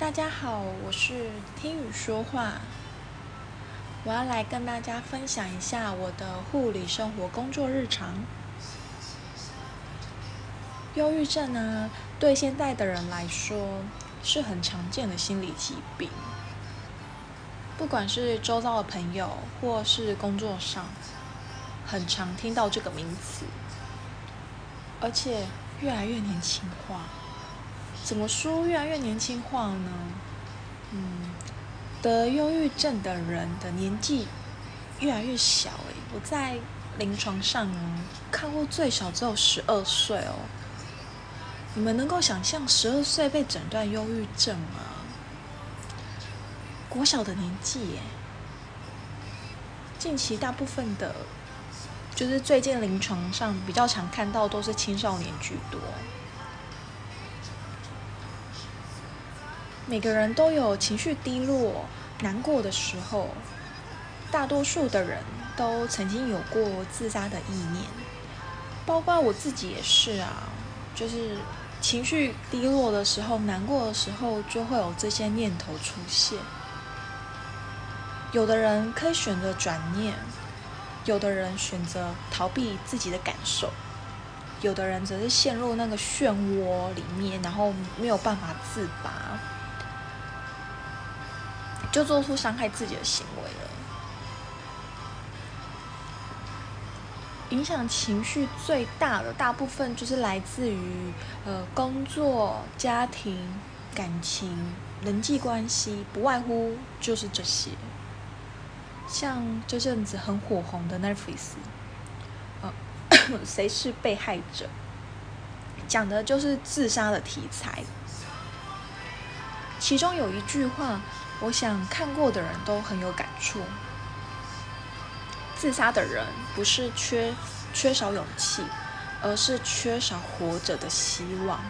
大家好，我是聽雨說話。我要來跟大家分享一下我的護理生活、工作日常。憂鬱症呢，對現在的人來說是很常見的心理疾病。不管是周遭的朋友，或是工作上，很常聽到這個名詞，而且越來越年輕化。怎麼說越來越年輕化呢？嗯，得憂鬱症的人的年紀越來越小哎、欸，我在臨床上看過最小只有十二歲哦。你們能夠想象十二歲被診斷憂鬱症嗎？國小的年紀耶、欸。近期大部分的，就是最近臨床上比較常看到都是青少年居多。每個人都有情緒低落、難過的時候，大多數的人都曾經有過自殺的意念，包括我自己也是啊。就是情緒低落的時候、難過的時候，就會有這些念頭出現。有的人可以選擇轉念，有的人選擇逃避自己的感受，有的人則是陷入那個漩渦裡面，然後沒有辦法自拔。就做出傷害自己的行為了，影響情緒最大的大部分就是來自於呃工作、家庭、感情、人際關係，不外乎就是這些。像這陣子很火紅的 Netflix，呃， 誰是被害者？講的就是自殺的題材，其中有一句話。我想看過的人都很有感觸。自殺的人不是缺缺少勇氣，而是缺少活着的希望。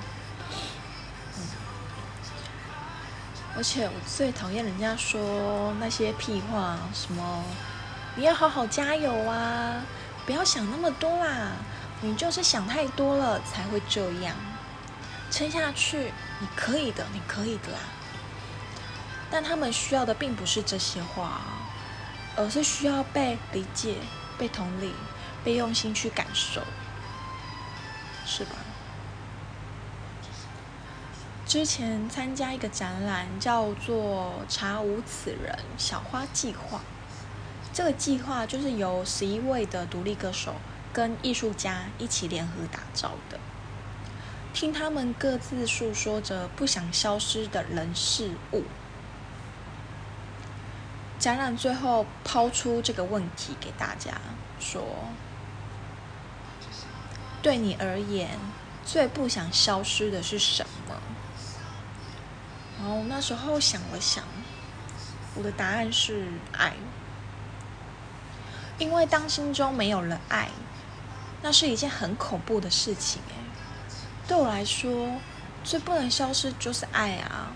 嗯，而且我最討厭人家說那些屁話，什麼你要好好加油啊，不要想那麼多啦，你就是想太多了才會這樣。撐下去，你可以的，你可以的啦、啊。但他們需要的並不是這些話，而是需要被理解、被同理、被用心去感受，是吧？之前參加一個展覽，叫做《查無此人小花計劃》。這個計劃就是由十一位的獨立歌手跟藝術家一起聯合打造的，聽他們各自訴說着不想消失的人事物。展覽最後拋出這個問題給大家，說：“對你而言，最不想消失的是什麼？”然後那時候想了想，我的答案是愛，因為當心中沒有了愛，那是一件很恐怖的事情。欸，對我來說，最不能消失就是愛啊。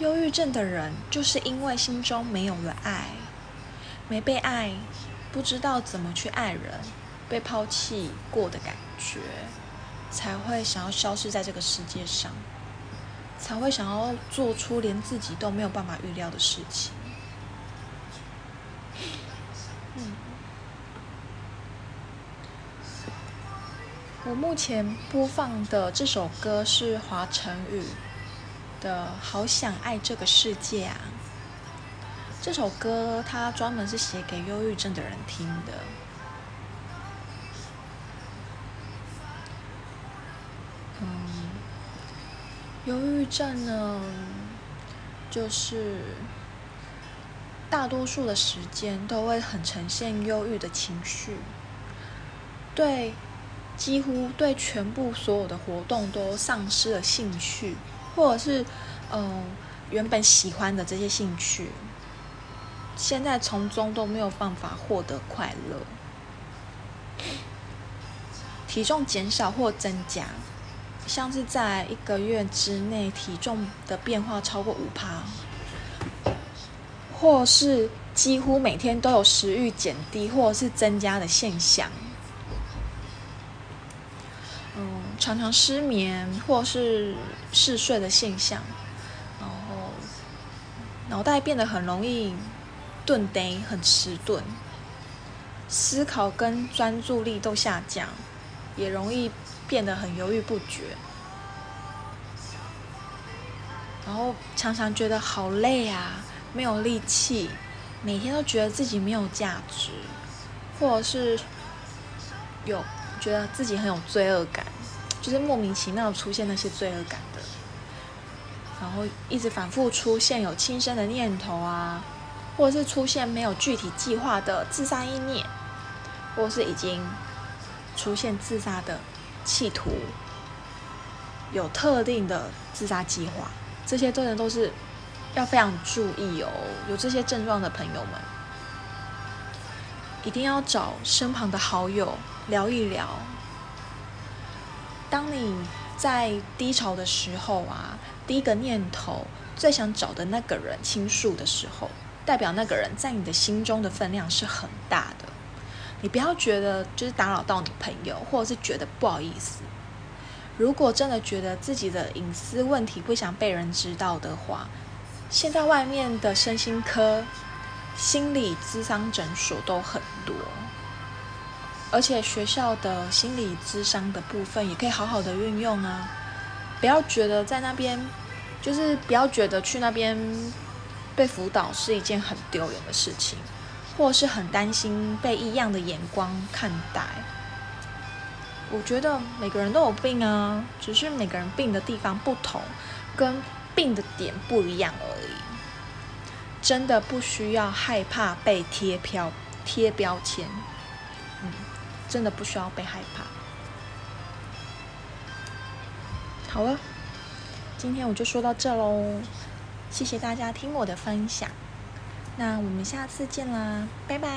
憂鬱症的人，就是因為心中沒有了愛，沒被愛，不知道怎麼去愛人，被拋棄過的感覺，才會想要消失在這個世界上，才會想要做出連自己都沒有辦法預料的事情。嗯，我目前播放的這首歌是華晨宇。的好想愛這個世界啊！這首歌它專門是寫給憂鬱症的人聽的。嗯，憂鬱症呢，就是大多數的時間都會很呈現憂鬱的情緒，對，幾乎對全部所有的活動都喪失了興趣。或者是，嗯、呃，原本喜歡的這些興趣，現在從中都沒有辦法獲得快樂。體重減少或增加，像是在一個月之內體重的變化超過五趴，或是幾乎每天都有食慾減低或者是增加的現象。嗯，常常失眠或是嗜睡的現象，然後腦袋變得很容易頓呆，很遲鈍，思考跟專注力都下降，也容易變得很猶豫不決，然後常常覺得好累啊，沒有力氣，每天都覺得自己沒有價值，或者是有。覺得自己很有罪惡感，就是莫名其妙出現那些罪惡感的，然後一直反覆出現有輕生的念頭啊，或者是出現沒有具體計劃的自殺意念，或者是已經出現自殺的企圖，有特定的自殺計劃，這些真的都是要非常注意哦。有這些症狀的朋友們，一定要找身旁的好友聊一聊，當你在低潮的時候啊，第一個念頭最想找的那個人傾訴的時候，代表那個人在你的心中的分量是很大的。你不要覺得就是打擾到你朋友，或者是覺得不好意思。如果真的覺得自己的隱私問題不想被人知道的話，現在外面的身心科、心理諮商診所都很多。而且學校的心理諮商的部分也可以好好的運用啊，不要覺得在那邊，就是不要覺得去那邊被輔導是一件很丟人的事情，或是很擔心被異樣的眼光看待。我覺得每個人都有病啊，只是每個人病的地方不同，跟病的點不一樣而已。真的不需要害怕被貼標貼標籤。真的不需要被害怕。好了，今天我就說到這嘍，謝謝大家聽我的分享，那我們下次見啦，拜拜。